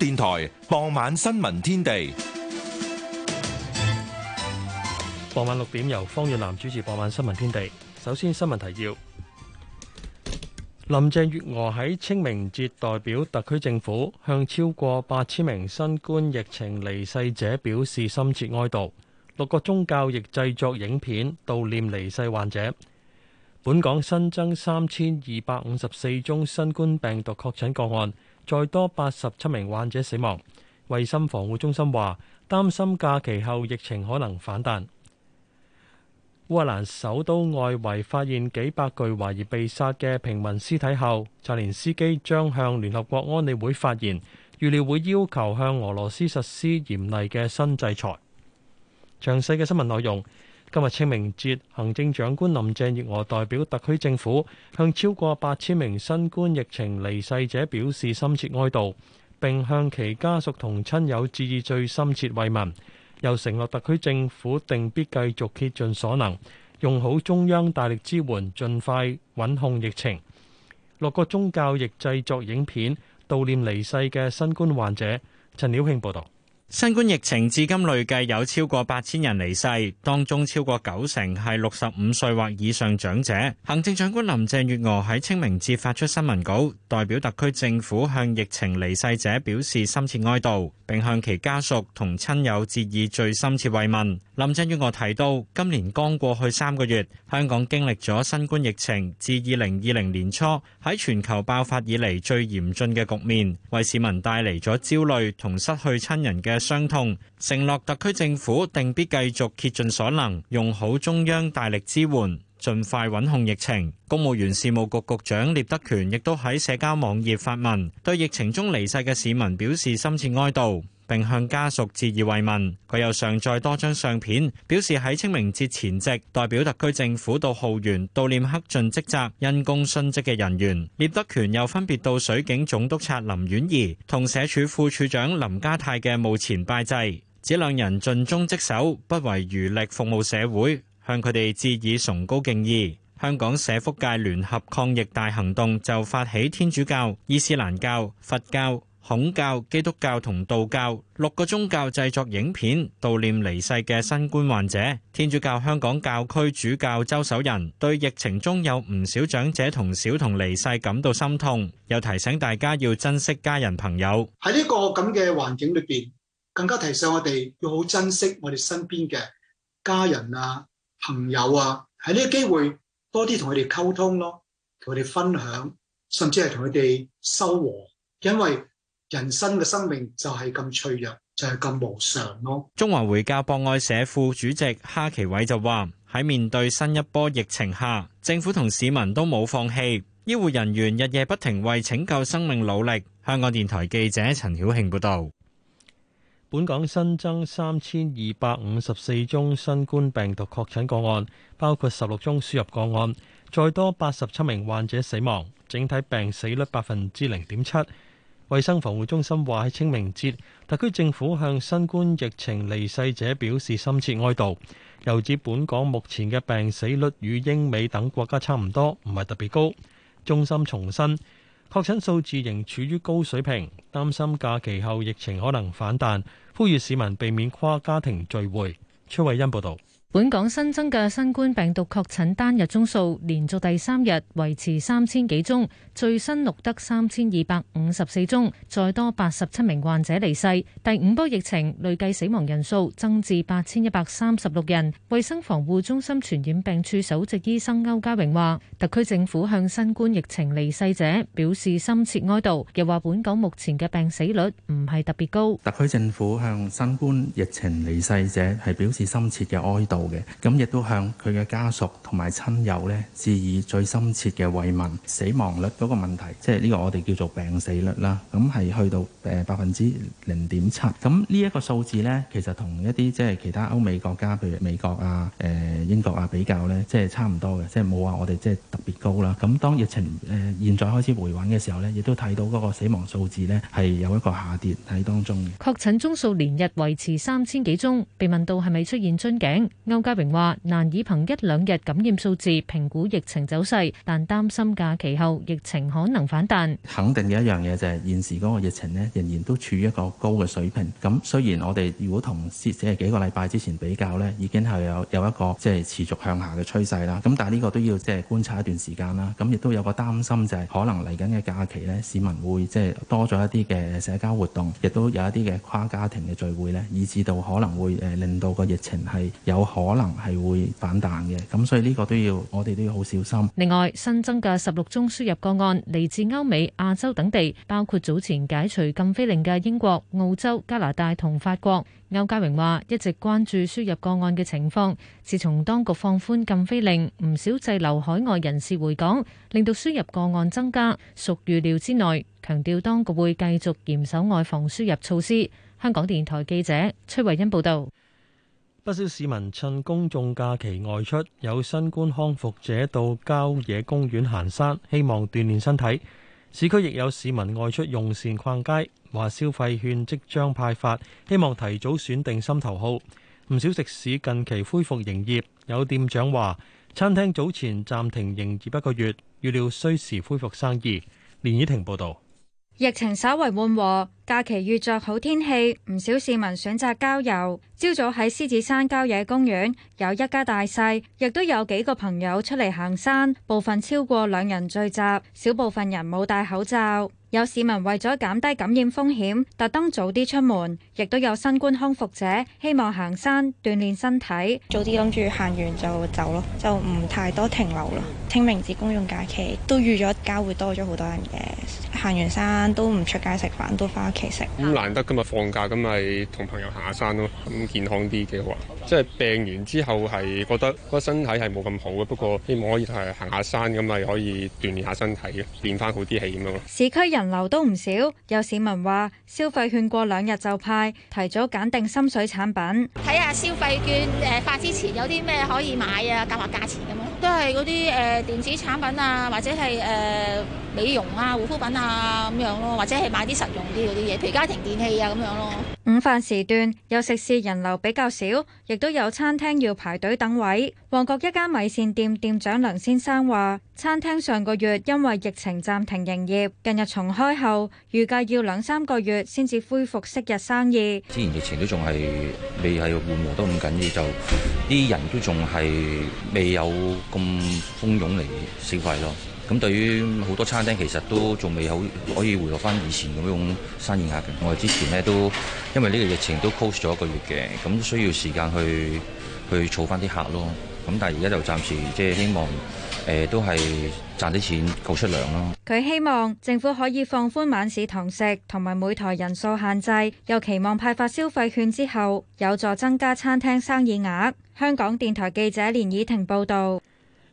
電台傍晚新聞天地，傍晚六點由方遠南主持。傍晚新聞天地，首先新聞提要：林鄭月娥喺清明節代表特區政府向超過八千名新冠疫情離世者表示深切哀悼。六個宗教亦製作影片悼念離世患者。本港新增三千二百五十四宗新冠病毒確診個案。再多八十七名患者死亡，衛生防護中心話擔心假期後疫情可能反彈。烏克蘭首都外圍發現幾百具懷疑被殺嘅平民屍體後，澤連斯基將向聯合國安理會發言，預料會要求向俄羅斯實施嚴厲嘅新制裁。詳細嘅新聞內容。今日清明節，行政長官林鄭月娥代表特區政府向超過八千名新冠疫情離世者表示深切哀悼，並向其家屬同親友致以最深切慰問，又承諾特區政府定必繼續竭盡所能，用好中央大力支援，盡快穩控疫情。六個宗教亦製作影片悼念離世嘅新冠患者。陳曉慶報道。新冠疫情至今累計有超過八千人離世，當中超過九成係六十五歲或以上長者。行政長官林鄭月娥喺清明節發出新聞稿，代表特區政府向疫情離世者表示深切哀悼，並向其家屬同親友致以最深切慰問。林鄭月娥提到，今年剛過去三個月，香港經歷咗新冠疫情自二零二零年初喺全球爆發以嚟最嚴峻嘅局面，為市民帶嚟咗焦慮同失去親人嘅。相同承諾，特區政府定必繼續竭盡所能，用好中央大力支援，盡快穩控疫情。公務員事務局局局長聶德權亦都喺社交網頁發文，對疫情中離世嘅市民表示深切哀悼。並向家屬致以慰問，佢又上載多張相片，表示喺清明節前夕，代表特區政府到浩園悼念恪盡職責因公殉職嘅人員。聶德權又分別到水警總督察林婉儀同社署副署長林家泰嘅墓前拜祭，指兩人盡忠職守，不遺餘力服務社會，向佢哋致以崇高敬意。香港社福界聯合抗疫大行動就發起天主教、伊斯蘭教、佛教、孔教、基督教同道教六個宗教製作影片悼念離世嘅新冠患者。天主教香港教區主教周守仁對疫情中有唔少長者同小童離世感到心痛，又提醒大家要珍惜家人朋友。喺呢個咁嘅環境裏邊，更加提醒我哋要好珍惜我哋身邊嘅家人啊、朋友啊。喺呢個機會多啲同佢哋溝通咯，同佢哋分享，甚至係同佢哋修和，因為人生嘅生命就係咁脆弱，就係咁無常咯。中華回教博愛社副主席哈奇偉就話：喺面對新一波疫情下，政府同市民都冇放棄，醫護人員日夜不停為拯救生命努力。香港電台記者陳曉慶報道。本港新增三千二百五十四宗新冠病毒確診個案，包括十六宗輸入個案，再多八十七名患者死亡，整體病死率百分之零點七。衛生防護中心話喺清明節，特區政府向新冠疫情離世者表示深切哀悼。又指本港目前嘅病死率與英美等國家差唔多，唔係特別高。中心重申，確診數字仍處於高水平，擔心假期後疫情可能反彈，呼籲市民避免跨家庭聚會。崔慧欣報道。本港新增嘅新冠病毒確診單日宗數，連續第三日維持三千幾宗，最新錄得三千二百五十四宗，再多八十七名患者離世。第五波疫情累計死亡人數增至八千一百三十六人。衛生防護中心傳染病處首席醫生歐家榮話，特區政府向新冠疫情離世者表示深切哀悼，又話本港目前嘅病死率唔係特別高。特區政府向新冠疫情離世者係表示深切嘅哀悼。咁亦都向佢嘅家屬同埋親友呢致以最深切嘅慰問。死亡率嗰個問題，即係呢個我哋叫做病死率啦，咁係去到誒百分之零點七。咁呢一個數字呢，其實同一啲即係其他歐美國家，譬如美國啊、誒英國啊比較呢，即係差唔多嘅，即係冇話我哋即係特別高啦。咁當疫情誒現在開始回穩嘅時候呢，亦都睇到嗰個死亡數字呢，係有一個下跌喺當中嘅。確診宗數連日維持三千幾宗，被問到係咪出現樽頸？歐嘉榮話，難以憑一兩日感染數字評估疫情走勢，但擔心假期後疫情可能反彈。肯定嘅一樣嘢就係、是、現時嗰個疫情呢仍然都處於一個高嘅水平。咁雖然我哋如果同即係幾個禮拜之前比較呢，已經係有有一個即係持續向下嘅趨勢啦。咁但係呢個都要即係觀察一段時間啦。咁亦都有個擔心就係、是、可能嚟緊嘅假期呢，市民會即係多咗一啲嘅社交活動，亦都有一啲嘅跨家庭嘅聚會呢，以至到可能會誒令到個疫情係有。可能係會反彈嘅，咁所以呢個都要我哋都要好小心。另外新增嘅十六宗輸入個案嚟自歐美、亞洲等地，包括早前解除禁飛令嘅英國、澳洲、加拿大同法國，歐家榮話一直關注輸入個案嘅情況，自從當局放寬禁飛令，唔少滯留海外人士回港，令到輸入個案增加，屬預料之內，強調當局會繼續嚴守外防輸入措施。香港電台記者崔慧欣報道。不少市民趁公眾假期外出，有新冠康復者到郊野公園行山，希望鍛煉身體。市區亦有市民外出用膳逛街，話消費券即將派發，希望提早選定心頭好。唔少食肆近期恢復營業，有店長話餐廳早前暫停營業一個月，預料需時恢復生意。連綺婷報道。疫情稍為緩和，假期遇着好天氣，唔少市民選擇郊遊。朝早喺獅子山郊野公園，有一家大細，亦都有幾個朋友出嚟行山，部分超過兩人聚集，少部分人冇戴口罩。有市民為咗減低感染風險，特登早啲出門，亦都有新冠康復者希望行山鍛煉身體，早啲諗住行完就走咯，就唔太多停留啦。清明節公眾假期都預咗交會多咗好多人嘅。行完山都唔出街食飯，都翻屋企食。咁難得今日放假，咁咪同朋友行下山咯。咁健康啲幾好啊！即係病完之後係覺得個身體係冇咁好嘅，不過希望可以誒行下山，咁咪可以鍛鍊下身體，變翻好啲氣咁樣咯。市區人流都唔少，有市民話消費券過兩日就派，提早揀定心水產品。睇下消費券誒發之前有啲咩可以買啊，夾下價錢咁咯。都係嗰啲誒電子產品啊，或者係誒、呃、美容啊護膚品啊。啊咁樣咯，或者係買啲實用啲嗰啲嘢，譬如家庭電器啊咁樣咯。午飯時段有食肆人流比較少，亦都有餐廳要排隊等位。旺角一間米線店店長梁先生話，餐廳上個月因為疫情暫停營業，近日重開後，預計要兩三個月先至恢復昔日生意。之前疫情都仲係未係緩和得咁緊要，就啲人都仲係未有咁蜂擁嚟消費咯。咁對於好多餐廳其實都仲未好可以回落翻以前咁種生意額嘅。我哋之前咧都因為呢個疫情都 close 咗一個月嘅，咁需要時間去去儲翻啲客咯。咁但係而家就暫時即係希望誒都係賺啲錢救出糧咯。佢希望政府可以放寬晚市堂食同埋每台人數限制，又期望派發消費券之後有助增加餐廳生意額。香港電台記者連以婷報道。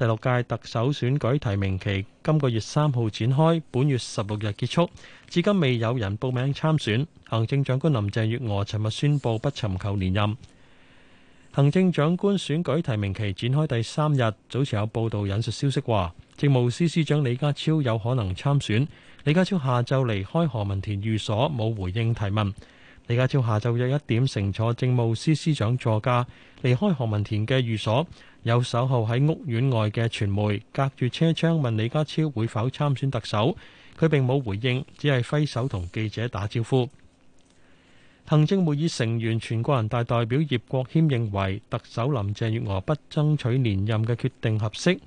第六屆特首選舉提名期今個月三號展開，本月十六日結束。至今未有人報名參選。行政長官林鄭月娥尋日宣布不尋求連任。行政長官選舉提名期展開第三日，早前有報道引述消息話，政務司司長李家超有可能參選。李家超下晝離開何文田寓所，冇回應提問。李家超下晝約一點乘坐政務司司長座駕離開何文田嘅寓所。有守候喺屋苑外嘅傳媒，隔住車窗問李家超會否參選特首，佢並冇回應，只係揮手同記者打招呼。行政會議成員、全國人大代表葉國謙認為，特首林鄭月娥不爭取連任嘅決定合適。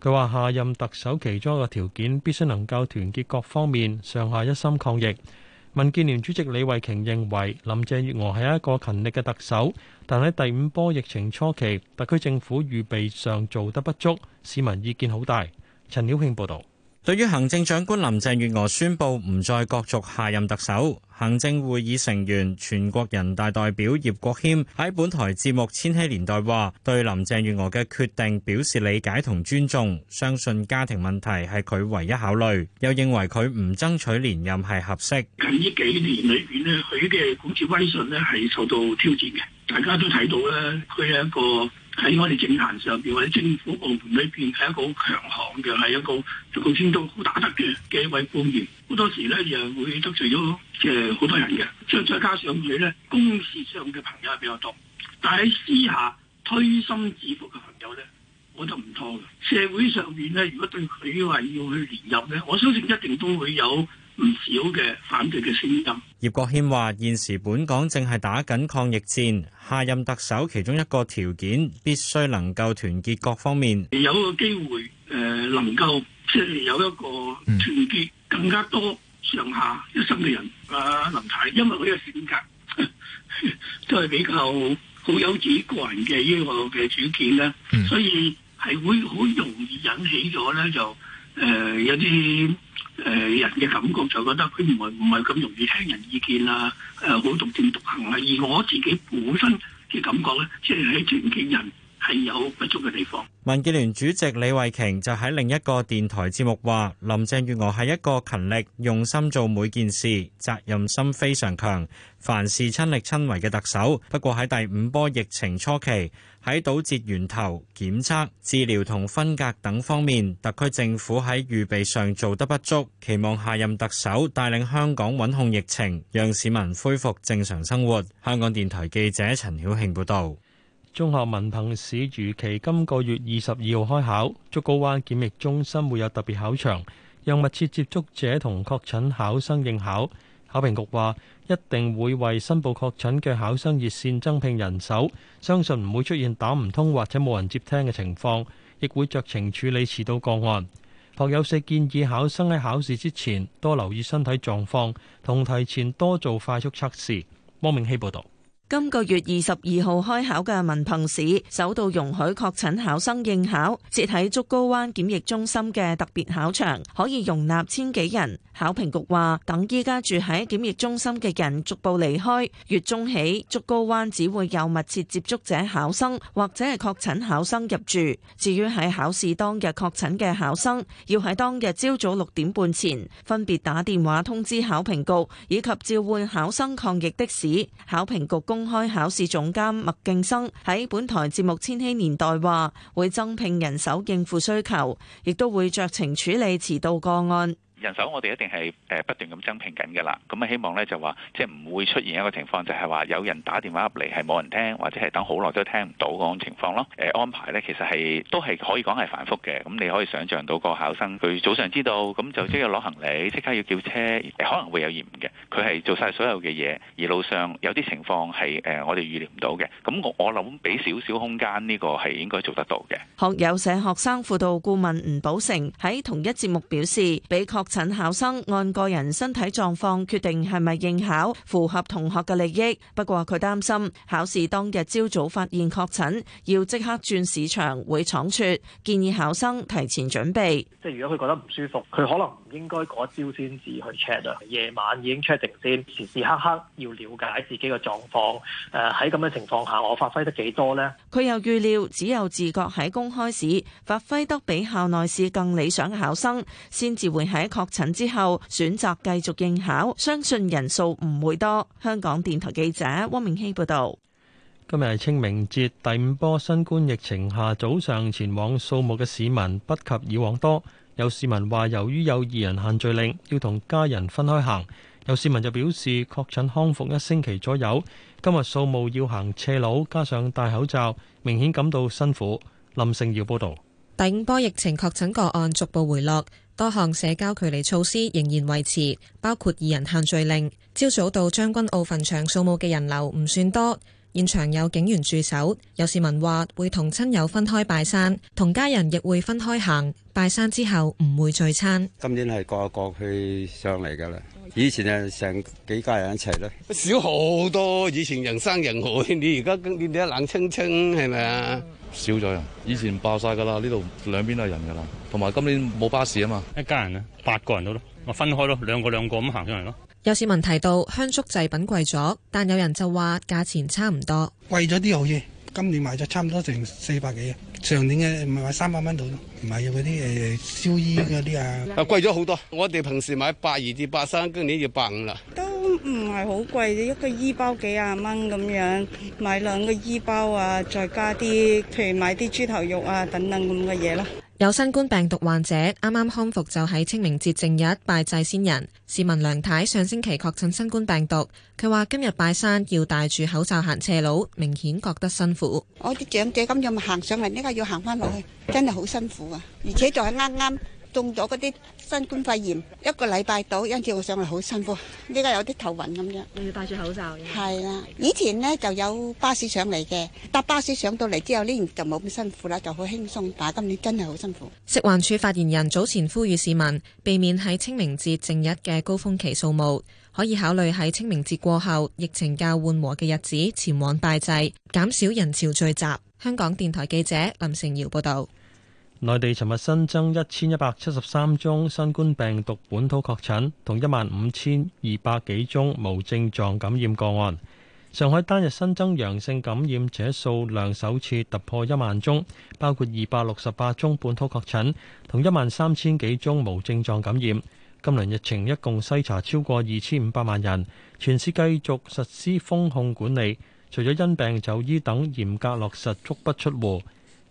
佢話：下任特首其中一個條件，必須能夠團結各方面，上下一心抗疫。民建聯主席李慧瓊認為林鄭月娥係一個勤力嘅特首，但喺第五波疫情初期，特區政府預備上做得不足，市民意見好大。陳曉慶報道。對於行政長官林鄭月娥宣布唔再角逐下任特首，行政會議成員、全國人大代表葉國謙喺本台節目《千禧年代》話，對林鄭月娥嘅決定表示理解同尊重，相信家庭問題係佢唯一考慮，又認為佢唔爭取連任係合適。近呢幾年裏邊咧，佢嘅管治威信咧係受到挑戰嘅，大家都睇到咧佢係一個。喺我哋政壇上邊或者政府部門裏邊，係一個好強悍嘅，係一個足夠精通、好打得嘅一位官員。好多時咧，又會得罪咗嘅好多人嘅。再再加上佢咧，公事上嘅朋友係比較多，但係私下推心置腹嘅朋友咧，我就唔多嘅。社會上邊咧，如果對佢話要去連任咧，我相信一定都會有。唔少嘅反對嘅聲音。葉國謙話：現時本港正係打緊抗疫戰，下任特首其中一個條件必須能夠團結各方面。有個機會誒，能夠即係有一個團結，更加多上下一心嘅人啊！林太，因為佢嘅性格都係比較好有自己個人嘅呢個嘅主見咧，所以係會好容易引起咗咧就誒有啲。誒、呃、人嘅感覺就覺得佢唔係唔係咁容易聽人意見啊，誒好獨斷獨行啊，而我自己本身嘅感覺咧，即係喺尊敬人。係有不足嘅地方。民建聯主席李慧瓊就喺另一個電台節目話：林鄭月娥係一個勤力、用心做每件事、責任心非常強，凡事親力親為嘅特首。不過喺第五波疫情初期，喺堵截源頭、檢測、檢測、治療同分隔等方面，特區政府喺預備上做得不足。期望下任特首帶領香港穩控疫情，讓市民恢復正常生活。香港電台記者陳曉慶報道。中學文憑試如期今個月二十二號開考，竹篙灣檢疫中心會有特別考場，讓密切接觸者同確診考生應考。考評局話一定會為申報確診嘅考生熱線增聘人手，相信唔會出現打唔通或者冇人接聽嘅情況，亦會酌情處理遲到個案。學友社建議考生喺考試之前多留意身體狀況，同提前多做快速測試。汪明希報道。今個月二十二號開考嘅文憑試首度容許確診考生應考，設喺竹篙灣檢疫中心嘅特別考場，可以容納千幾人。考評局話，等依家住喺檢疫中心嘅人逐步離開，月中起竹篙灣只會有密切接觸者考生或者係確診考生入住。至於喺考試當日確診嘅考生，要喺當日朝早六點半前分別打電話通知考評局，以及召喚考生抗疫的士。考評局公公開考試總監麥敬生喺本台節目《千禧年代》話，會增聘人手應付需求，亦都會酌情處理遲到個案。人手我哋一定係誒不斷咁增聘緊嘅啦，咁啊希望咧就話即係唔會出現一個情況，就係話有人打電話入嚟係冇人聽或者係等好耐都聽唔到嗰種情況咯。安排咧其實係都係可以講係繁複嘅，咁你可以想象到個考生佢早上知道，咁就即刻攞行李，即刻要叫車可能會有延誤嘅。佢係做晒所有嘅嘢，而路上有啲情況係誒我哋預料唔到嘅。咁我我諗俾少少空間呢個係應該做得到嘅。學友社學生輔導顧問吳寶成喺同一節目表示，俾確診考生按個人身體狀況決定係咪應考，符合同學嘅利益。不過佢擔心考試當日朝早發現確診，要即刻轉市場會倉促，建議考生提前準備。即係如果佢覺得唔舒服，佢可能唔應該嗰一朝先至去 check 啊。夜晚已經 check 定先，時時刻刻要了解自己嘅狀況。誒喺咁嘅情況下，我發揮得幾多呢？佢又預料只有自覺喺公開試發揮得比校內試更理想嘅考生，先至會喺確診之後選擇繼續應考，相信人數唔會多。香港電台記者汪明希報道：今日係清明節，第五波新冠疫情下早上前往掃墓嘅市民不及以往多。有市民話，由於有二人限聚令，要同家人分開行。有市民就表示，確診康復一星期左右，今日掃墓要行斜路，加上戴口罩，明顯感到辛苦。林盛耀報道：第五波疫情確診個案逐步回落。多項社交距離措施仍然維持，包括二人限聚令。朝早到將軍澳墳場掃墓嘅人流唔算多，現場有警員駐守。有市民話會同親友分開拜山，同家人亦會分開行。拜山之後唔會聚餐。今年係各個各去上嚟㗎啦，以前誒成幾家人一齊咯，少好多。以前人山人海，你而家你你一冷清清係咪啊？是少咗人，以前爆晒噶啦，呢度兩邊都係人噶啦。同埋今年冇巴士啊嘛，一家人啊，八個人到咯，我分開咯，兩個兩個咁行上嚟咯。有市民提到香燭製品貴咗，但有人就話價錢差唔多，貴咗啲好嘢。今年買咗差唔多成四百幾嘅，上年嘅唔係買三百蚊到咯，唔係有嗰啲誒燒衣嗰啲啊，貴咗好多。我哋平時買八二至八三，今年要百五啦。唔係好貴，一個衣包幾十蚊咁樣，買兩個衣包啊，再加啲，譬如買啲豬頭肉啊等等咁嘅嘢啦。有新冠病毒患者啱啱康復就喺清明節正日拜祭先人。市民梁太上星期確診新冠病毒，佢話今日拜山要戴住口罩行斜路，明顯覺得辛苦。我啲長者咁樣行上嚟，依家要行翻落去，真係好辛苦啊！而且就係啱啱。中咗嗰啲新冠肺炎一個禮拜到，因此我上嚟好辛苦。呢家有啲頭暈咁樣，你要戴住口罩。係啦，以前呢就有巴士上嚟嘅，搭巴士上到嚟之後呢就冇咁辛苦啦，就好輕鬆。但係今年真係好辛苦。食環署發言人早前呼籲市民避免喺清明節正日嘅高峰期掃墓，可以考慮喺清明節過後疫情較緩和嘅日子前往拜祭，減少人潮聚集。香港電台記者林成瑤報道。內地尋日新增一千一百七十三宗新冠病毒本土確診，同一萬五千二百幾宗無症狀感染個案。上海單日新增陽性感染者數量首次突破一萬宗，包括二百六十八宗本土確診，同一萬三千幾宗無症狀感染。今輪疫情一共篩查超過二千五百萬人，全市繼續實施封控管理，除咗因病就醫等，嚴格落實足不出戶。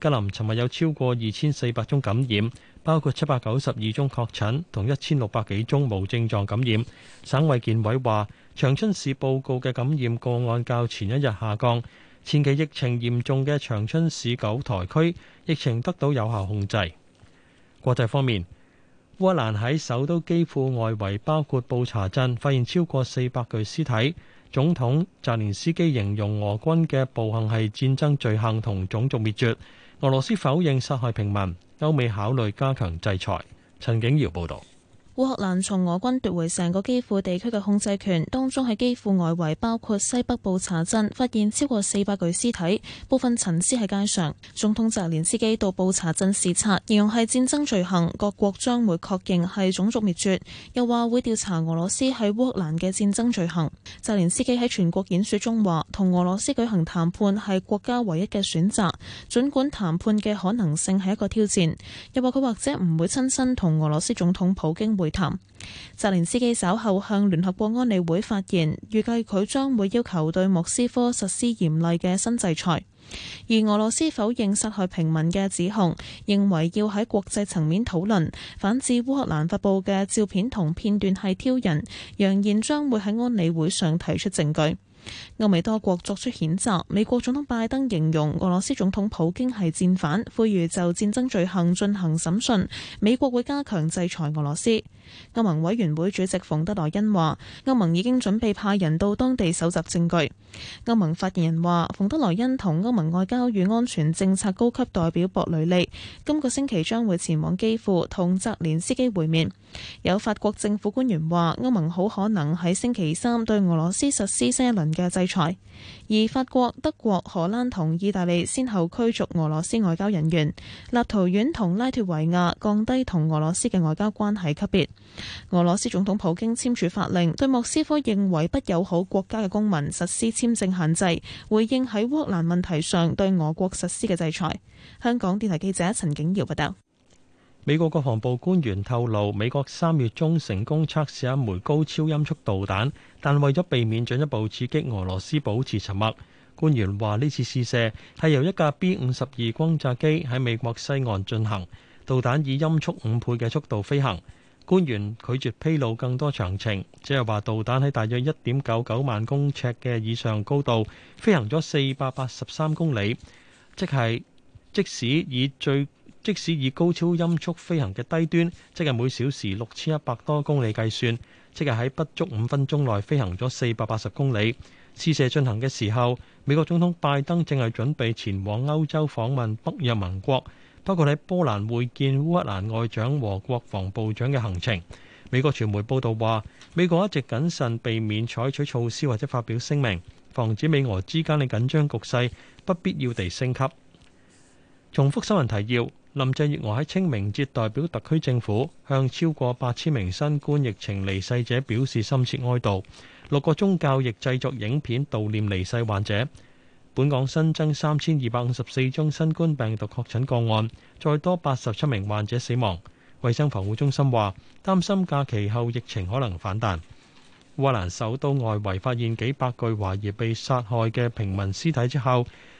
吉林尋日有超過二千四百宗感染，包括七百九十二宗確診同一千六百幾宗無症狀感染。省衛健委話，長春市報告嘅感染個案較前一日下降。前期疫情嚴重嘅長春市九台區疫情得到有效控制。國際方面，烏克蘭喺首都基輔外圍包括布查鎮發現超過四百具屍體。總統澤連斯基形容俄軍嘅暴行係戰爭罪行同種族滅絕。俄羅斯否認殺害平民，歐美考慮加強制裁。陳景瑤報道。烏克蘭從俄軍奪回成個基輔地區嘅控制權，當中喺基輔外圍包括西北布查鎮，發現超過四百具屍體，部分陳屍喺街上。總統澤連斯基到布查鎮視察，形容係戰爭罪行，各國將會確認係種族滅絕，又話會調查俄羅斯喺烏克蘭嘅戰爭罪行。澤連斯基喺全國演說中話，同俄羅斯舉行談判係國家唯一嘅選擇，儘管談判嘅可能性係一個挑戰，又話佢或者唔會親身同俄羅斯總統普京會。澤連斯基稍後向聯合國安理會發言，預計佢將會要求對莫斯科實施嚴厲嘅新制裁。而俄羅斯否認殺害平民嘅指控，認為要喺國際層面討論。反指烏克蘭發布嘅照片同片段係挑釁，揚言將會喺安理會上提出證據。歐美多國作出譴責，美國總統拜登形容俄羅斯總統普京係戰犯，呼籲就戰爭罪行進行審訊。美國會加強制裁俄羅斯。歐盟委員會主席馮德萊恩話：歐盟已經準備派人到當地搜集證據。歐盟發言人話：馮德萊恩同歐盟外交與安全政策高級代表博雷利今個星期將會前往基輔同澤連斯基會面。有法國政府官員話，歐盟好可能喺星期三對俄羅斯實施新一輪嘅制裁，而法國、德國、荷蘭同意大利先後驅逐俄羅斯外交人員，立陶宛同拉脱維亞降低同俄羅斯嘅外交關係級別。俄羅斯總統普京簽署法令，對莫斯科認為不友好國家嘅公民實施簽證限制，回應喺烏克蘭問題上對俄國實施嘅制裁。香港電台記者陳景瑤報道。美國國防部官員透露，美國三月中成功測試一枚高超音速導彈，但為咗避免進一步刺激俄羅斯，保持沉默。官員話呢次試射係由一架 B 五十二轟炸機喺美國西岸進行，導彈以音速五倍嘅速度飛行。官員拒絕披露更多詳情，只係話導彈喺大約一點九九萬公尺嘅以上高度飛行咗四百八十三公里，即係即使以最即使以高超音速飛行嘅低端，即係每小時六千一百多公里計算，即係喺不足五分鐘內飛行咗四百八十公里。試射進行嘅時候，美國總統拜登正係準備前往歐洲訪問北約盟國，包括喺波蘭會見烏克蘭外長和國防部長嘅行程。美國傳媒報道話，美國一直謹慎避免採取措施或者發表聲明，防止美俄之間嘅緊張局勢不必要地升級。重複新聞提要：林鄭月娥喺清明節代表特區政府向超過八千名新冠疫情離世者表示深切哀悼。六個宗教亦製作影片悼念離世患者。本港新增三千二百五十四宗新冠病毒確診個案，再多八十七名患者死亡。衛生防護中心話擔心假期後疫情可能反彈。烏克蘭首都外圍發現幾百具懷疑被殺害嘅平民屍體之後。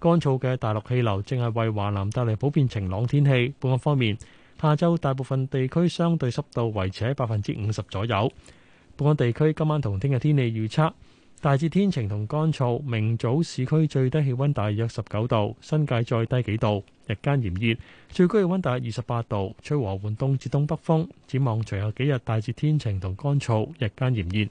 乾燥嘅大陸氣流正係為華南帶嚟普遍晴朗天氣。本港方面，下晝大部分地區相對濕度維持喺百分之五十左右。本港地區今晚同聽日天氣預測，大致天晴同乾燥。明早市區最低氣温大約十九度，新界再低幾度。日間炎熱，最高氣温大約二十八度，吹和緩東至東北風。展望隨後幾日大致天晴同乾燥，日間炎熱。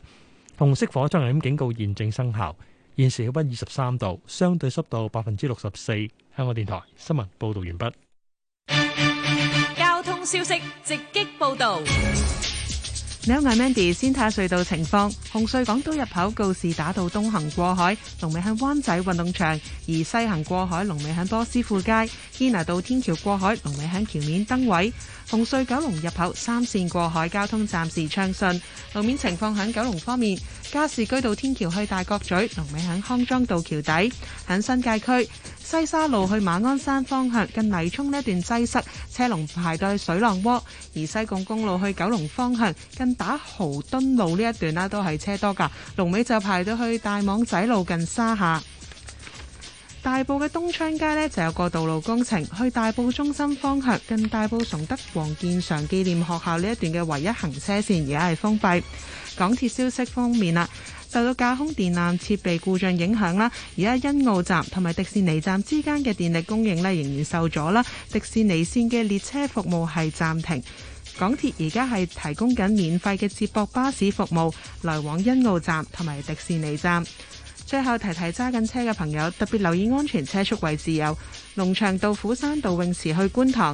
紅色火災危險警告現正生效。現時氣温二十三度，相對濕度百分之六十四。香港電台新聞報道完畢。交通消息直擊報道。你好，係 Mandy。先睇下隧道情況。紅隧港島入口告士打道東行過海龍尾喺灣仔運動場，而西行過海龍尾喺波斯富街。堅拿道天橋過海龍尾喺橋面燈位。紅隧九龍入口三綫過海交通暫時暢順。路面情況喺九龍方面。加士居道天橋去大角咀，龍尾喺康莊道橋底；喺新界區西沙路去馬鞍山方向，近泥涌呢一段擠塞，車龍排到去水浪窩；而西貢公路去九龍方向，近打豪敦路呢一段啦，都係車多噶，龍尾就排到去大網仔路近沙下。大埔嘅東昌街呢，就有個道路工程，去大埔中心方向近大埔崇德黃建常紀念學校呢一段嘅唯一行車線而家係封閉。港鐵消息方面啦，受到架空電纜設備故障影響啦，而家欣澳站同埋迪士尼站之間嘅電力供應呢仍然受阻啦，迪士尼線嘅列車服務係暫停。港鐵而家係提供緊免費嘅接駁巴士服務來往欣澳站同埋迪士尼站。最後提提揸緊車嘅朋友，特別留意安全車速，位置有龍翔道、虎山道泳池去觀塘。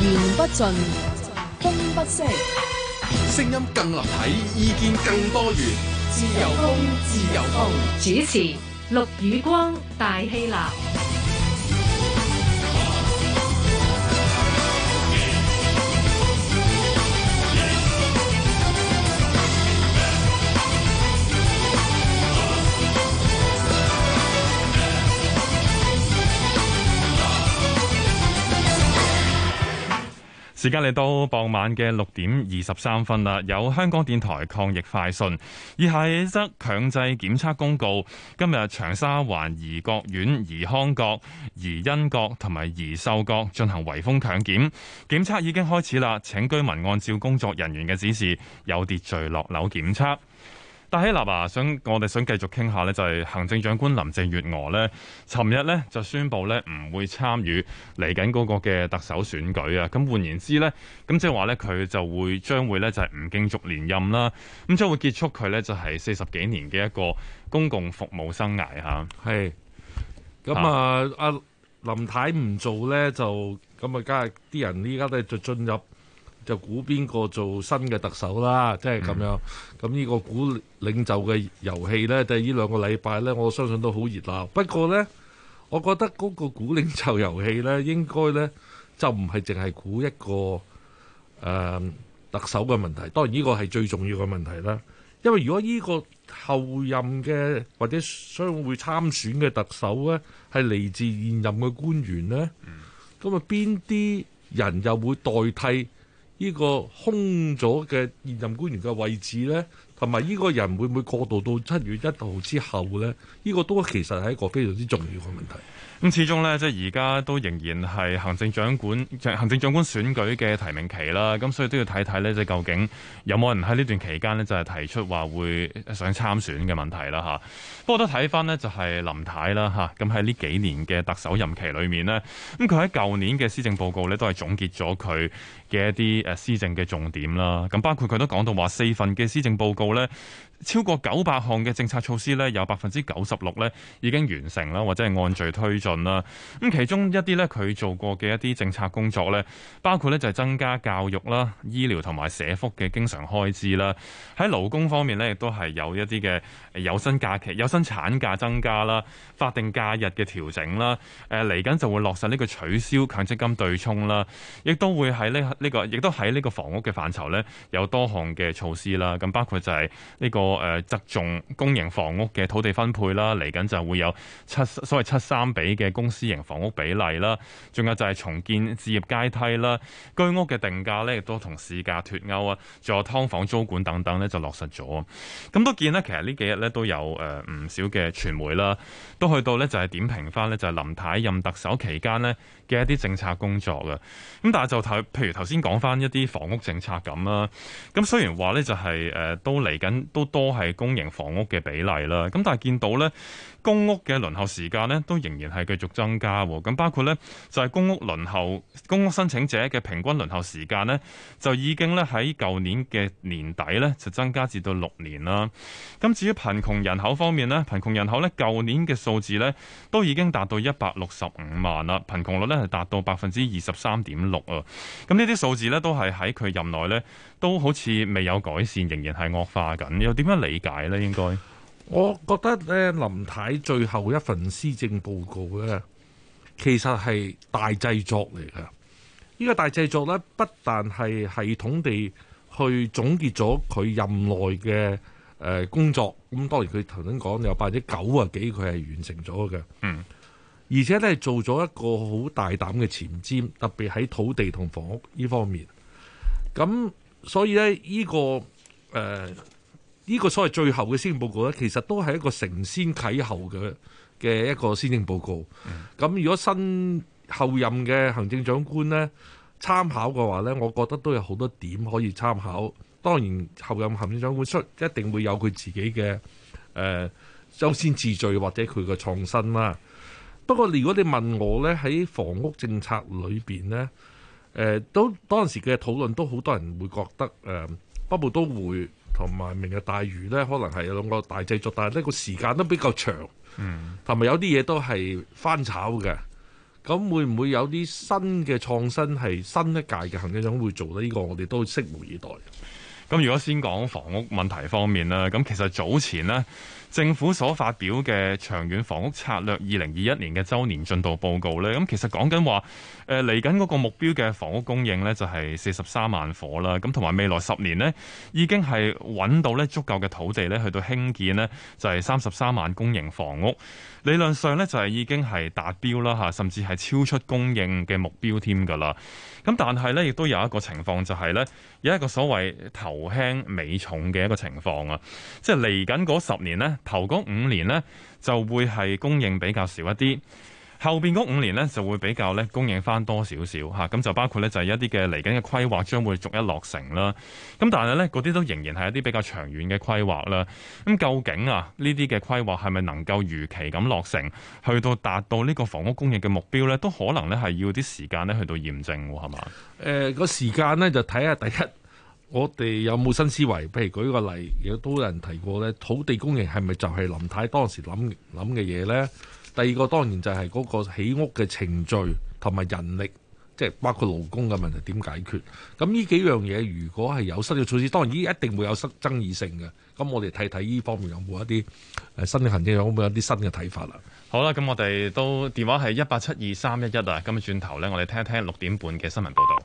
言不盡，風不息，聲音更立體，意見更多元，自由風，自由風。主持：陸宇光，大希娜。時間嚟到傍晚嘅六點二十三分啦，有香港電台抗疫快訊，以下則強制檢測公告。今日長沙灣怡國苑、怡康閣、怡欣閣同埋怡秀閣進行圍封強檢，檢測已經開始啦，請居民按照工作人員嘅指示有秩序落樓檢測。但喺立啊，想我哋想繼續傾下咧，就係、是、行政長官林鄭月娥咧，尋日咧就宣布咧唔會參與嚟緊嗰個嘅特首選舉啊。咁換言之咧，咁即係話咧佢就會將會咧就係唔競逐連任啦。咁將會結束佢咧就係四十幾年嘅一個公共服務生涯嚇。係。咁啊，阿林太唔做咧，就咁啊，梗係啲人依家都係進入。就估邊個做新嘅特首啦，即係咁樣，咁呢個估領袖嘅遊戲呢，就係、是、呢兩個禮拜呢，我相信都好熱鬧。不過呢，我覺得嗰個估領袖遊戲呢，應該呢，就唔係淨係估一個誒、呃、特首嘅問題。當然呢個係最重要嘅問題啦。因為如果呢個後任嘅或者將會參選嘅特首呢，係嚟自現任嘅官員呢，咁啊邊啲人又會代替？呢個空咗嘅現任官員嘅位置呢，同埋呢個人會唔會過渡到七月一號之後呢？呢個都其實係一個非常之重要嘅問題。咁始終呢，即係而家都仍然係行政長官行政長官選舉嘅提名期啦。咁所以都要睇睇呢，即係究竟有冇人喺呢段期間呢，就係提出話會想參選嘅問題啦，嚇。不過都睇翻呢，就係林太啦，嚇。咁喺呢幾年嘅特首任期裏面呢，咁佢喺舊年嘅施政報告呢，都係總結咗佢。嘅一啲誒施政嘅重點啦，咁包括佢都講到話四份嘅施政報告咧，超過九百項嘅政策措施呢，有百分之九十六呢已經完成啦，或者係按序推進啦。咁其中一啲呢，佢做過嘅一啲政策工作呢，包括呢就係增加教育啦、醫療同埋社福嘅經常開支啦。喺勞工方面呢，亦都係有一啲嘅有薪假期、有薪產假增加啦、法定假日嘅調整啦。誒嚟緊就會落實呢個取消強積金對沖啦，亦都會喺呢呢個，亦都喺呢個房屋嘅範疇呢有多項嘅措施啦。咁包括就係呢個。個誒，側重公營房屋嘅土地分配啦，嚟緊就會有七所謂七三比嘅公私營房屋比例啦，仲有就係重建置業階梯啦，居屋嘅定價呢亦都同市價脫鈎啊，仲有劏房租管等等呢就落實咗。咁都見呢，其實呢幾日呢都有誒唔少嘅傳媒啦，都去到呢就係點評翻呢，就係林太任特首期間呢嘅一啲政策工作嘅。咁但係就睇，譬如頭先講翻一啲房屋政策咁啦，咁雖然話呢、就是，就係誒都嚟緊都。多係公營房屋嘅比例啦，咁但係見到咧，公屋嘅輪候時間呢都仍然係繼續增加。咁包括呢，就係公屋輪候，公屋申請者嘅平均輪候時間呢，就已經咧喺舊年嘅年底呢就增加至到六年啦。咁至於貧窮人口方面呢，貧窮人口呢舊年嘅數字呢都已經達到一百六十五萬啦，貧窮率呢係達到百分之二十三點六啊。咁呢啲數字呢都係喺佢任內呢都好似未有改善，仍然係惡化緊。又點樣理解呢？應該？我覺得咧，林太最後一份施政報告呢，其實係大製作嚟嘅。呢個大製作呢，不但係系統地去總結咗佢任內嘅誒工作，咁當然佢頭先講有百分之九啊幾，佢係完成咗嘅。嗯，而且呢，做咗一個好大膽嘅前瞻，特別喺土地同房屋呢方面。咁所以呢，呢個誒。呢、這個所謂最後嘅施政報告呢，其實都係一個承先啟後嘅嘅一個施政報告。咁如果新後任嘅行政長官呢參考嘅話呢，我覺得都有好多點可以參考。當然後任行政長官出一定會有佢自己嘅誒優先次序或者佢嘅創新啦。不過如果你問我呢，喺房屋政策裏面呢，誒、呃、都當時嘅討論都好多人會覺得不、呃、北部都會。同埋明日大嶼呢，可能係有兩個大製作，但係呢個時間都比較長，同埋有啲嘢都係翻炒嘅。咁會唔會有啲新嘅創新係新一屆嘅行政長會做呢？呢、呢個我哋都拭目以待。咁如果先講房屋問題方面啦，咁其實早前呢。政府所發表嘅長遠房屋策略二零二一年嘅周年進度報告呢。咁其實講緊話，誒嚟緊嗰個目標嘅房屋供應呢，就係四十三萬夥啦，咁同埋未來十年呢，已經係揾到呢足夠嘅土地呢，去到興建呢，就係三十三萬公營房屋，理論上呢，就係已經係達標啦吓，甚至係超出供應嘅目標添㗎喇。咁但係呢，亦都有一個情況就係呢，有一個所謂頭輕尾重嘅一個情況啊，即係嚟緊嗰十年呢。頭嗰五年呢就會係供應比較少一啲，後邊嗰五年呢就會比較呢供應翻多少少嚇，咁就包括呢，就係一啲嘅嚟緊嘅規劃將會逐一落成啦。咁但係呢，嗰啲都仍然係一啲比較長遠嘅規劃啦。咁究竟啊呢啲嘅規劃係咪能夠如期咁落成，去到達到呢個房屋供應嘅目標呢？都可能呢係要啲時間呢去到驗證係嘛？誒、呃嗰個時間呢就睇下第一。我哋有冇新思維？譬如舉個例，亦都有人提過咧，土地供應係咪就係林太當時諗諗嘅嘢咧？第二個當然就係嗰個起屋嘅程序同埋人力，即係包括勞工嘅問題點解決。咁呢幾樣嘢如果係有新嘅措施，當然呢一定會有失爭議性嘅。咁我哋睇睇呢方面有冇一啲誒新嘅行政有冇一啲新嘅睇法啦。好啦，咁我哋都電話係一八七二三一一啊。咁啊，轉頭咧，我哋聽一聽六點半嘅新聞報道。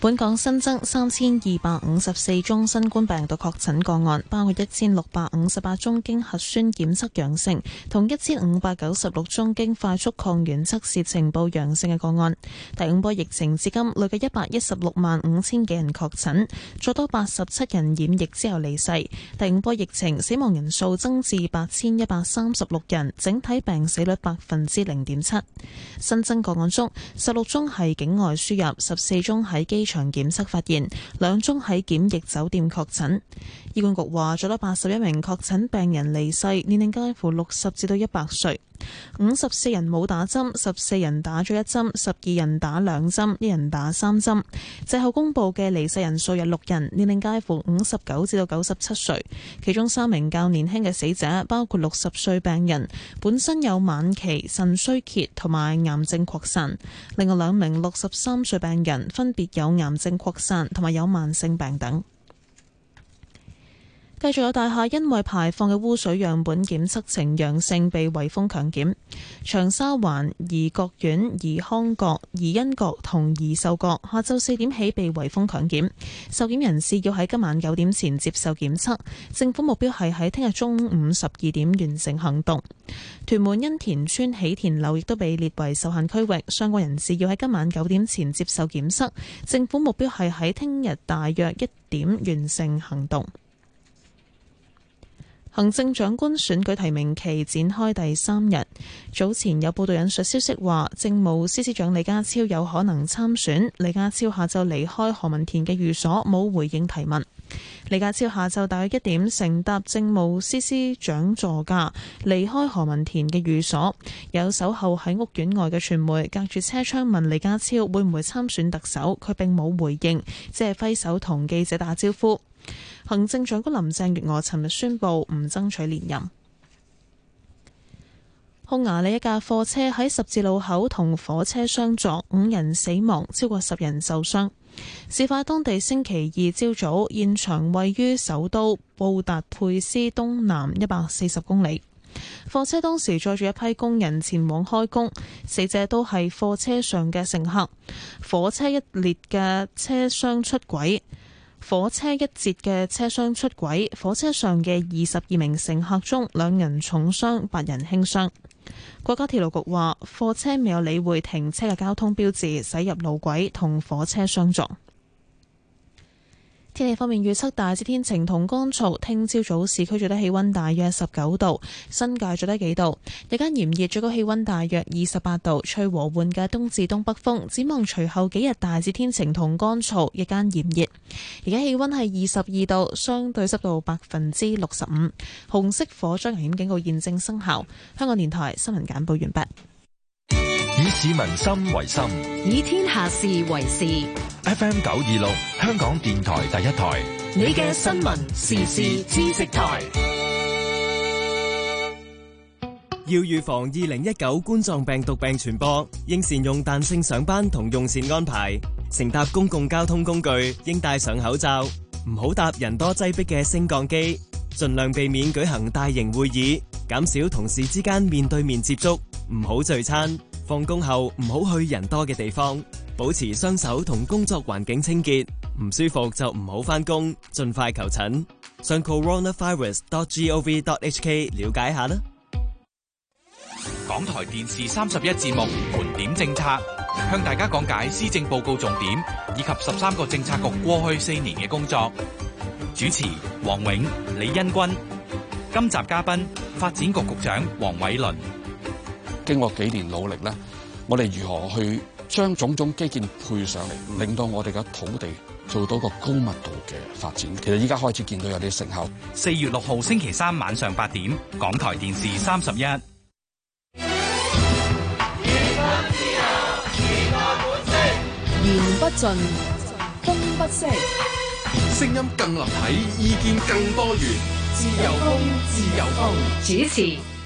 本港新增三千二百五十四宗新冠病毒確診個案，包括一千六百五十八宗經核酸檢測陽性，同一千五百九十六宗經快速抗原測試呈報陽性嘅個案。第五波疫情至今累計一百一十六萬五千幾人確診，再多八十七人染疫之後離世。第五波疫情死亡人數增至八千一百三十六人，整體病死率百分之零點七。新增個案中，十六宗係境外輸入，十四宗喺機場檢測發現兩宗喺檢疫酒店確診。醫管局話再多八十一名確診病人離世，年齡介乎六十至到一百歲。五十四人冇打針，十四人打咗一針，十二人打兩針，一人打三針。最後公布嘅離世人數有六人，年齡介乎五十九至到九十七歲，其中三名較年輕嘅死者包括六十歲病人本身有晚期腎衰竭同埋癌症擴散，另外兩名六十三歲病人分別有癌症擴散同埋有慢性病等。繼續有大廈因為排放嘅污水樣本檢測呈陽性，被圍封強檢。長沙灣、怡國苑、怡康閣、怡欣閣同怡秀閣下晝四點起被圍封強檢，受檢人士要喺今晚九點前接受檢測。政府目標係喺聽日中午十二點完成行動。屯門欣田村喜田樓亦都被列為受限區域，相關人士要喺今晚九點前接受檢測。政府目標係喺聽日大約一點完成行動。行政長官選舉提名期展開第三日，早前有報道引述消息話，政務司司長李家超有可能參選。李家超下晝離開何文田嘅寓所，冇回應提問。李家超下晝大約一點乘搭政務司司長座駕離開何文田嘅寓所，有守候喺屋苑外嘅傳媒隔住車窗問李家超會唔會參選特首，佢並冇回應，只係揮手同記者打招呼。行政長官林鄭月娥尋日宣布唔爭取連任。匈牙利一架貨車喺十字路口同火車相撞，五人死亡，超過十人受傷。事發當地星期二朝早，現場位於首都布達佩斯東南一百四十公里。貨車當時載住一批工人前往開工，死者都係貨車上嘅乘客。火車一列嘅車廂出軌。火車一節嘅車廂出軌，火車上嘅二十二名乘客中，兩人重傷，八人輕傷。國家鐵路局話，貨車未有理會停車嘅交通標誌，駛入路軌同火車相撞。天氣方面預測大致天晴同乾燥，聽朝早市區最低氣溫大約十九度，新界最低幾度。日間炎熱，最高氣溫大約二十八度，吹和緩嘅東至東北風。展望隨後幾日大致天晴同乾燥，日間炎熱。而家氣溫係二十二度，相對濕度百分之六十五。紅色火災危險警告現正生效。香港電台新聞簡報完畢。以市民心為心，以天下事為事。F.M. 九二六，香港電台第一台。你嘅新聞時事知識台。要預防二零一九冠狀病毒病傳播，應善用彈性上班同用膳安排。乘搭公共交通工具應戴上口罩，唔好搭人多擠迫嘅升降機。盡量避免舉行大型會議，減少同事之間面對面接觸，唔好聚餐。放工後唔好去人多嘅地方，保持雙手同工作環境清潔。唔舒服就唔好翻工，盡快求診。上 coronavirus.gov.hk 了解一下啦。港台電視三十一節目盤點政策，向大家講解施政報告重點以及十三個政策局過去四年嘅工作。主持：黃永、李欣君。今集嘉賓：發展局局長黃偉綸。經過幾年努力咧，我哋如何去將種種基建配上嚟，令到我哋嘅土地做到個高密度嘅發展？其實依家開始見到有啲成效。四月六號星期三晚上八點，港台電視三十一。言不盡，風不息，聲音更立體，意見更多元，自由風，自由風，主持。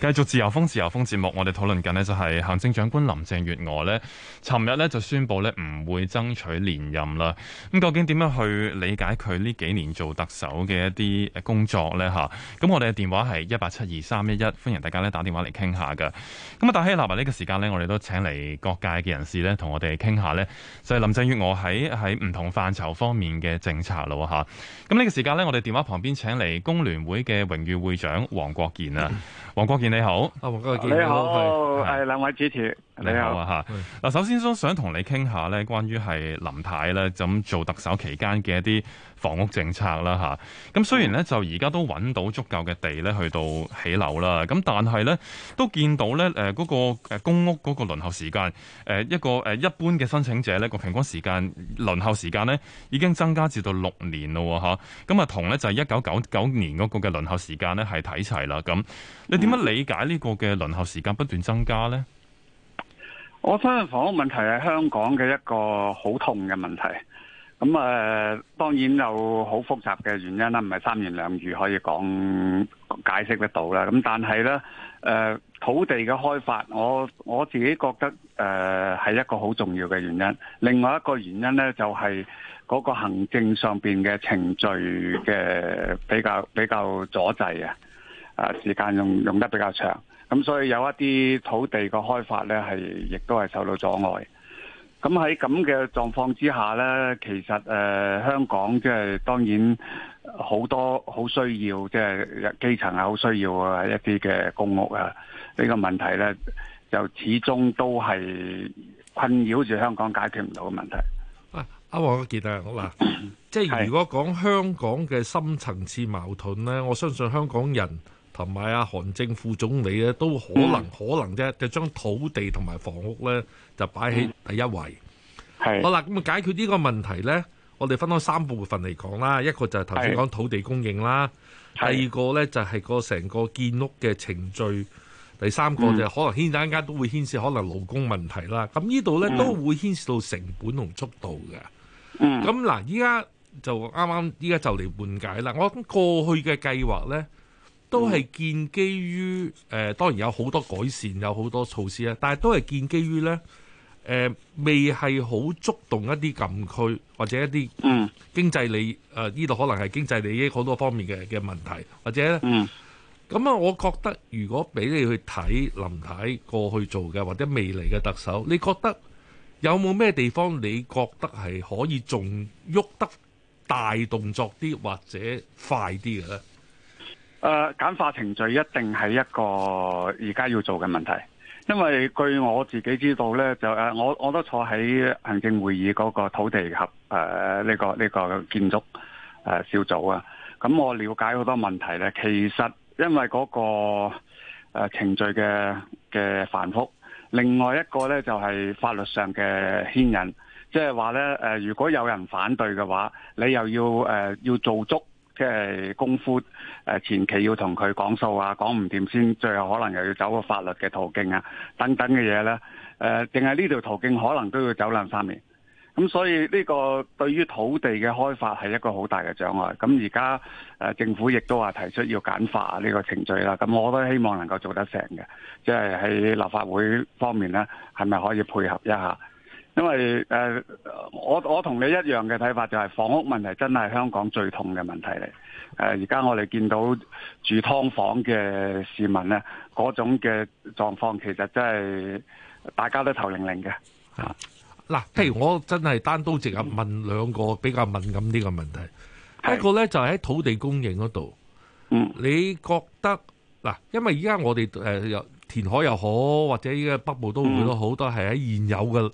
繼續自由風自由風節目，我哋討論緊呢就係行政長官林鄭月娥呢尋日呢就宣布呢唔會爭取連任啦。咁究竟點樣去理解佢呢幾年做特首嘅一啲工作呢？咁我哋嘅電話係一八七二三一一，歡迎大家呢打電話嚟傾下㗎。咁啊，但喺嗱埋呢個時間呢，我哋都請嚟各界嘅人士呢同我哋傾下呢，就係林鄭月娥喺喺唔同範疇方面嘅政策囉吓，咁呢個時間呢，我哋電話旁邊請嚟工聯會嘅榮譽會長王國健啊，王國你好，阿黃家駒，你好，係兩位主持，你好，你好啊吓。嗱，首先都想同你傾下咧，關於係林太咧，咁做特首期間嘅一啲。房屋政策啦吓，咁雖然咧就而家都揾到足夠嘅地咧去到起樓啦，咁但係咧都見到咧誒嗰個誒公屋嗰個輪候時間誒一個誒一般嘅申請者咧個平均時間輪候時間咧已經增加至到六年咯吓，咁啊同咧就係一九九九年嗰個嘅輪候時間咧係睇齊啦咁，你點樣理解呢個嘅輪候時間不斷增加咧？我相信房屋問題係香港嘅一個好痛嘅問題。咁、嗯、啊、呃，當然有好複雜嘅原因啦，唔係三言兩語可以講解釋得到啦。咁、嗯、但係咧，誒、呃、土地嘅開發，我我自己覺得誒係、呃、一個好重要嘅原因。另外一個原因咧，就係、是、嗰個行政上面嘅程序嘅比較比較阻滯啊，啊、呃、時間用用得比較長，咁、嗯、所以有一啲土地嘅開發咧，係亦都係受到阻礙。咁喺咁嘅狀況之下呢，其實誒、呃、香港即係當然好多好需要，即、就、係、是、基層好需要啊一啲嘅公屋啊呢、這個問題呢，就始終都係困擾住香港解決唔到嘅問題。啊，阿王德大，好啦、啊、 即係如果講香港嘅深層次矛盾呢，我相信香港人。同埋阿韓正副總理咧，都可能、嗯、可能啫，就將土地同埋房屋咧，就擺喺第一位。係、嗯、好啦，咁解決呢個問題咧，我哋分開三部分嚟講啦。一個就係頭先講土地供應啦，第二個咧就係個成個建屋嘅程序，第三個就係可能牽一牽都會牽涉可能勞工問題啦。咁呢度咧、嗯、都會牽涉到成本同速度嘅。咁、嗯、嗱，依家就啱啱依家就嚟緩解啦。剛剛解我過去嘅計劃咧。都係建基於誒、呃，當然有好多改善，有好多措施啊！但係都係建基於呢，誒、呃、未係好觸動一啲禁區或者一啲經濟利誒呢度可能係經濟利益好、呃、多方面嘅嘅問題或者呢，咁啊，我覺得如果俾你去睇林太過去做嘅或者未來嘅特首，你覺得有冇咩地方你覺得係可以仲喐得大動作啲或者快啲嘅呢？誒，簡化程序一定係一個而家要做嘅問題，因為據我自己知道呢，就誒，我我都坐喺行政會議嗰個土地合誒呢個呢、呢個建築誒、呃、小組啊，咁我了解好多問題呢，其實因為嗰、嗰個誒、呃、程序嘅嘅繁複，另外一個呢，就係、係、法律上嘅牽引，即係話呢，誒、呃，如果有人反對嘅話，你又要誒、呃、要做足。即係功夫，誒前期要同佢講數啊，講唔掂先，最後可能又要走個法律嘅途徑啊，等等嘅嘢咧，誒淨係呢條途徑可能都要走兩三年，咁所以呢個對於土地嘅開發係一個好大嘅障礙。咁而家誒政府亦都話提出要簡化呢個程序啦，咁我都希望能夠做得成嘅，即係喺立法會方面咧，係咪可以配合一下？因為誒、呃，我我同你一樣嘅睇法，就係房屋問題真係香港最痛嘅問題嚟。誒、呃，而家我哋見到住劏房嘅市民呢，嗰種嘅狀況，其實真係大家都頭凌凌嘅吓。嗱、啊，譬如我真係單刀直入問兩個比較敏感啲嘅問題，嗯，一個呢，就係、是、喺土地供應嗰度。嗯，你覺得嗱？因為而家我哋誒，又填海又好，或者依家北部都會都好，都、嗯，係喺現有嘅。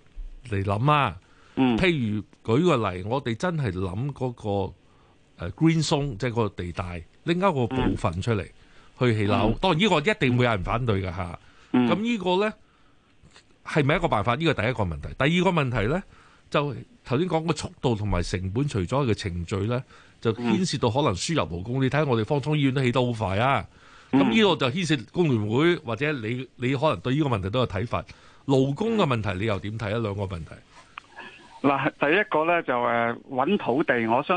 嚟諗啊！譬如舉個例，我哋真係諗嗰個 Green Zone，即係嗰個地帶拎一個部分出嚟去起樓。當然呢個一定會有人反對㗎。吓，咁呢個呢係咪一個辦法？呢個第一個問題，第二個問題呢，就頭先講個速度同埋成本，除咗佢個程序呢，就牽涉到可能輸入勞工。你睇下我哋方艙醫院都起得好快啊！咁呢個就牽涉工聯會或者你你可能對呢個問題都有睇法。勞工嘅問題你又點睇啊？兩個問題，嗱，第一個咧就誒，搵土地，我相信。